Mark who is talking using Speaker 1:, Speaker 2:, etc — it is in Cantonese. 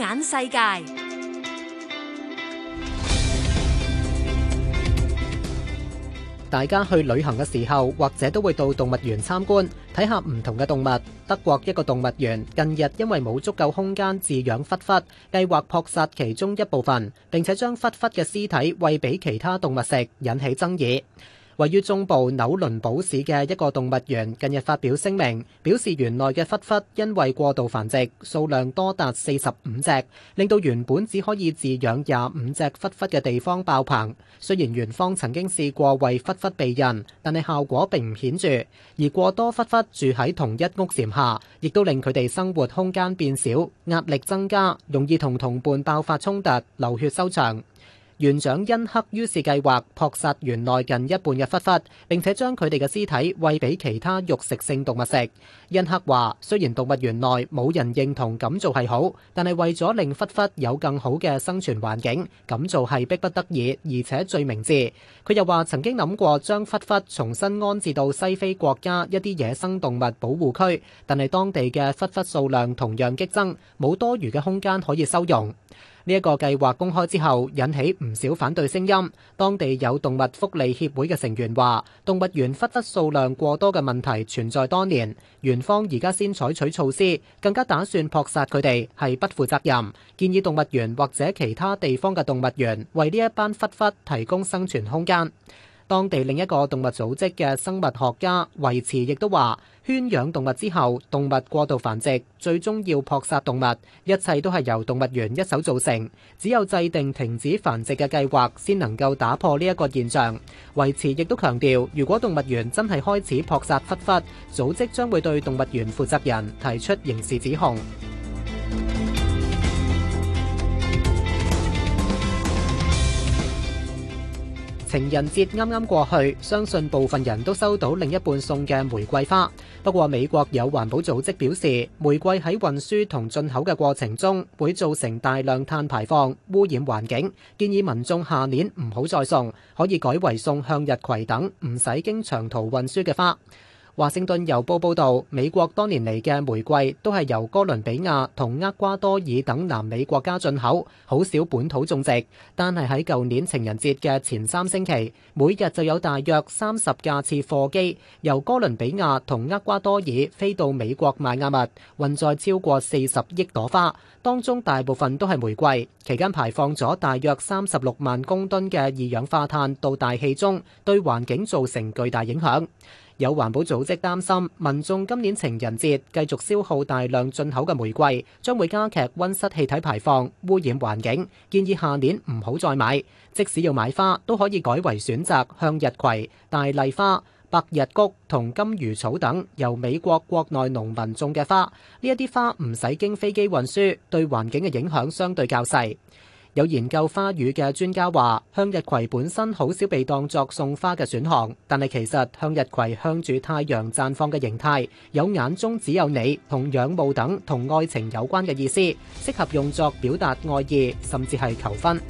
Speaker 1: 眼世界，大家去旅行嘅時候，或者都會到動物園參觀，睇下唔同嘅動物。德國一個動物園近日因為冇足夠空間飼養狒狒，計劃撲殺其中一部分，並且將狒狒嘅屍體餵俾其他動物食，引起爭議。位於中部紐倫堡市嘅一個動物園近日發表聲明，表示園內嘅狒狒因為過度繁殖，數量多達四十五隻，令到原本只可以飼養廿五隻狒狒嘅地方爆棚。雖然園方曾經試過為狒狒避孕，但係效果並唔顯著。而過多狒狒住喺同一屋檐下，亦都令佢哋生活空間變少，壓力增加，容易同同伴爆發衝突，流血收場。園長恩克於是計劃撲殺園內近一半嘅狒狒，並且將佢哋嘅屍體餵俾其他肉食性動物食。恩克話：雖然動物園內冇人認同咁做係好，但係為咗令狒狒有更好嘅生存環境，咁做係迫不得已，而且最明智。佢又話曾經諗過將狒狒重新安置到西非國家一啲野生動物保護區，但係當地嘅狒狒數量同樣激增，冇多餘嘅空間可以收容。呢一個計劃公開之後，引起唔少反對聲音。當地有動物福利協會嘅成員話：動物園狒狒數量過多嘅問題存在多年，園方而家先採取措施，更加打算撲殺佢哋，係不負責任。建議動物園或者其他地方嘅動物園為呢一班狒狒提供生存空間。當地另一個動物組織嘅生物學家維持亦都話：圈養動物之後，動物過度繁殖，最終要撲殺動物，一切都係由動物園一手造成。只有制定停止繁殖嘅計劃，先能夠打破呢一個現象。維持亦都強調，如果動物園真係開始撲殺狒狒，組織將會對動物園負責人提出刑事指控。情人節啱啱過去，相信部分人都收到另一半送嘅玫瑰花。不過，美國有環保組織表示，玫瑰喺運輸同進口嘅過程中會造成大量碳排放，污染環境，建議民眾下年唔好再送，可以改為送向日葵等唔使經長途運輸嘅花。《華盛頓郵報》報導，美國多年嚟嘅玫瑰都係由哥倫比亞同厄瓜多爾等南美國家進口，好少本土種植。但係喺舊年情人節嘅前三星期，每日就有大約三十架次貨機由哥倫比亞同厄瓜多爾飛到美國邁阿密，運載超過四十億朵花，當中大部分都係玫瑰。期間排放咗大約三十六萬公噸嘅二氧化碳到大氣中，對環境造成巨大影響。有環保組織擔心，民眾今年情人節繼續消耗大量進口嘅玫瑰，將會加劇温室氣體排放，污染環境。建議下年唔好再買，即使要買花都可以改為選擇向日葵、大麗花、百日菊同金魚草等由美國國內農民種嘅花。呢一啲花唔使經飛機運輸，對環境嘅影響相對較細。有研究花語嘅專家話，向日葵本身好少被當作送花嘅選項，但係其實向日葵向住太陽綻放嘅形態，有眼中只有你、同仰慕等同愛情有關嘅意思，適合用作表達愛意，甚至係求婚。